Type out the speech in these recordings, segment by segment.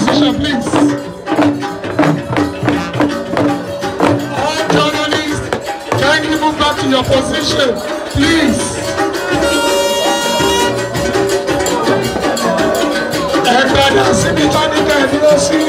position, please. to your position, please. Ẹgbẹ́ dà síbi tó ní kẹ́ẹ̀dúró sí.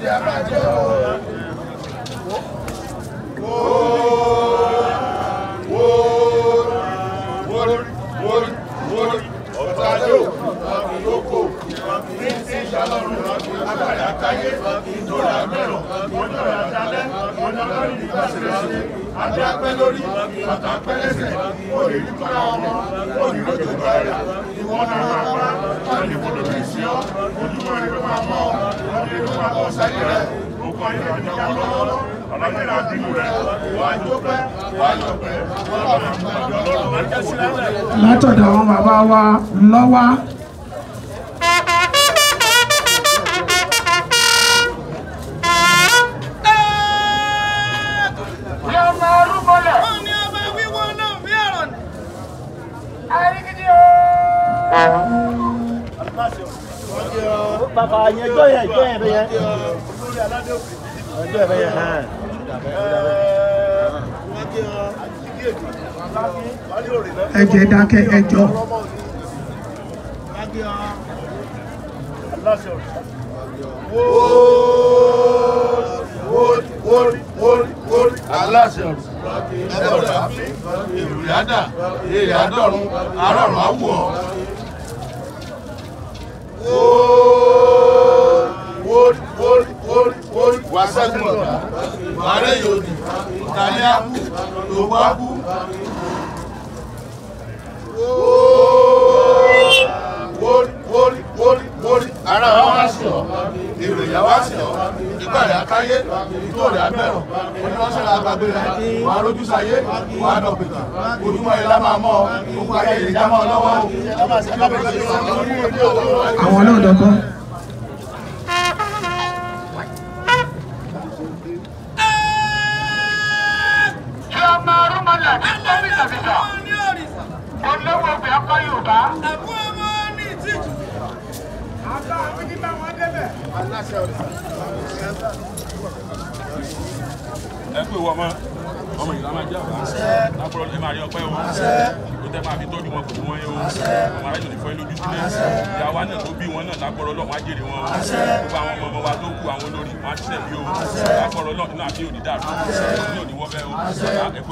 de Abrajou. agbára káyé ìjọra mẹ́rọ̀ ọjọ́ra dalẹ́ ọjọ́ lórí ìgbàsẹ̀rẹ̀ adé apẹ́ lórí bàtà apẹ́ lẹ́sẹ̀ olè ní kọ́ra ọmọ olè lójú gbọ́ ẹ̀yà ìwọ náà wà wá káàdì wọlé bí ìsì ọ́ ojúmọ́ rẹ̀ ló máa mọ́ ọ ọdún ló máa bọ́ sáyé rẹ̀ òkú ayé rẹ̀ nígbà lọ́wọ́ ọlọ́mìnira látọ̀dọ̀ àwọn bàbá wa lọ́wọ́ bàbá yẹn jọ yẹn jọ yẹn bẹ yẹn. olórí aládé òkè yìí. bẹ yẹn hàn. ẹ jẹ́ dákẹ́ aláṣẹ ọ̀rọ̀ ẹ̀rọ èrè àdọ́run arọ́rùn àwọ̀ Wasegumoka, Ware Yodi, Taniaku, Towaku. Wórí wórí wórí wórí ara wa wá sí ọ, ìròyìn wá sí ọ, ìgbà rẹ̀ akáyé, ìtò rẹ̀ abẹ́rọ̀, oníwọ́sẹ̀ rẹ̀ agbágbéra, wàá rojú sáyé, wàá dọ̀pìtà, ojúmọ́ yẹn lá máa mọ́ ọ, gbogbo ayé yẹn já mọ́ ọ lọ́wọ́ o. Àwọn náà dọ̀kọ́. Fúlàní tó fi tàbíjà. Olówó ọgbẹ́ ọkọ Yorùbá. Àbú ọmọ ní ìtìjú. Àgbà àbíkítà wọn débẹ̀. Aláṣẹ ọ̀sán. Ẹ pè wọ́n mọ́, ọmọ ìlànà jẹ́ àbá. Lápọ̀lọ́ ẹ máa rí ọpẹ́ wọn tẹ́ máa fi tọ́jú wọn kò wọ́n yẹn o àwọn aráàlú ní fọ́ ilé ojú sílẹ̀ ìyá náà tó bí wọn náà lágbọ́rọ̀ Ọlọ́run á jèrè wọn o gbogbo àwọn ọmọ wa tó kú àwọn olórí wọn á ṣiṣẹ́ bí o lágbọ́rọ̀ Ọlọ́run náà àbí òní dàrú ní òní wọ́fẹ́ o ẹ wọ́n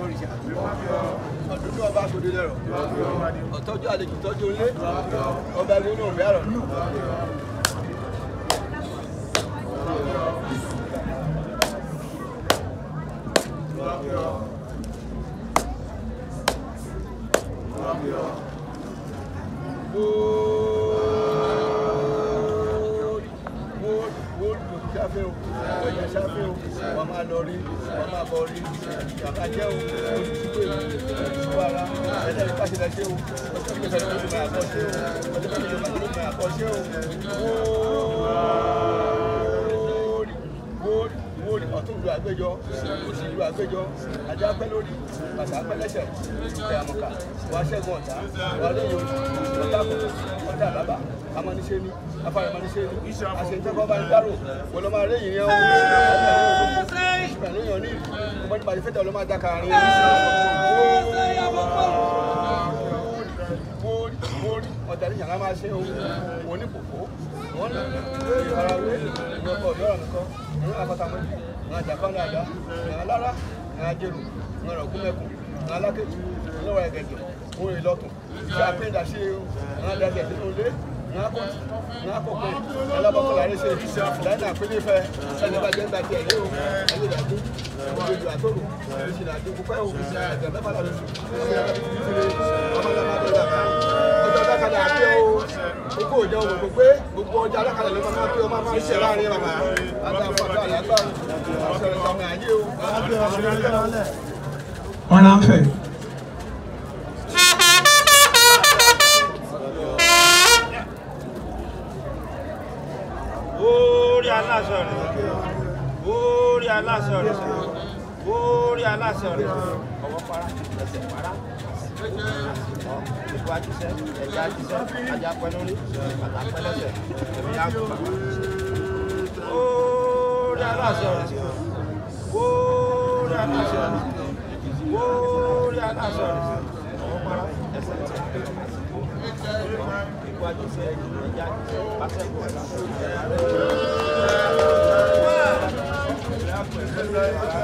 mọ́ ọdún ọba agbóde lẹ́rọ̀ ọ̀tọ́jú àlejò tọ́jú ilé ọba ìwé náà bẹ́ẹ̀ ṣàfẹ́ o àwọn èèyàn ṣàfẹ́ o wọ́n máa lọ rí wọ́n máa bọ̀ rí ìjàmbá jẹ́ o olùdíje ìṣúwó ara ẹ̀dá ìpàṣẹlẹ̀ ṣe o ọjọ́ ìpàṣẹlẹ̀ ló máa kọ́ ṣe o ọjọ́ ìpàṣẹlẹ̀ ló máa kọ́ ṣe o ọ̀tún ìlú àgbéjọ òsì ìlú àgbéjọ ajá pẹ́ lórí bàtà pẹ́ ìfẹ́ àmọ̀kà wà ṣẹ́gun ọ̀tá wà lóyún ọ̀tá kòtò ọ̀tá àbábà amáníṣe ni afárá amáníṣe ni bá ń dárò wọ́n lọ́ máa réyìn yẹn ọ̀tá ní yàrá máa ṣe ohun onípòpò wọn ní ìfarawé ìyọkọ̀ ìyọ̀rọ̀ nìkan ẹ̀yìn àkọ́tàmọ́lẹ̀ àwọn àjàpánu àdá àwọn alára àwọn ajérò àwọn ọ̀gúnmẹ̀kùn àwọn alákejì àwọn ọ̀rọ̀ ẹ̀gẹ̀dẹ̀ òun rè lọ́tún ṣe àpéǹdà ṣe àwọn adájọ́ ìdílé olé àwọn akọ̀pẹ̀ alábọ̀kọ̀lá rẹ̀ ṣe láìnà àpélé fẹ́ ẹnìbàjẹ́ ìgbà tiẹ̀ yé o ẹlẹ́dàdú ìgbèjò àtòrò ìṣìlàdú púpẹ́ o ẹ̀jẹ̀ mẹ́fà lọ́dún ọmọdé máa dọ̀dà ọjọ́ dákàdà àti o kò jẹ́ òkòkò pé gbogbo ọjà alákàlẹ̀ ló máa pé ọmọ máa ń ṣe láàrin bàbá àtàkùn àlàáfà àṣẹlẹ̀ sàmì àyè o. wọn náà ń fẹ́. orí aláṣọ rẹ orí aláṣọ rẹ orí lórí aláṣẹ rẹ̀ ọwọ́ para ẹsẹ̀ para ìlú àjíṣẹ́ ẹ̀jẹ̀ àjíṣẹ́ ajá pẹ́ lórí bàtà pẹ́ lẹ́sẹ̀ èmi á kú bàbá lórí aláṣẹ rẹ̀ lórí aláṣẹ rẹ̀ lórí aláṣẹ rẹ̀ ọwọ́ para ẹsẹ̀ tẹ̀ ìlú àjíṣẹ́ ẹ̀jẹ̀ àjíṣẹ́ pàṣẹ kò rẹ̀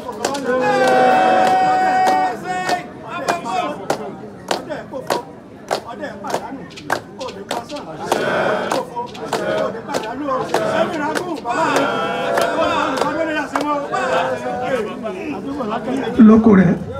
করে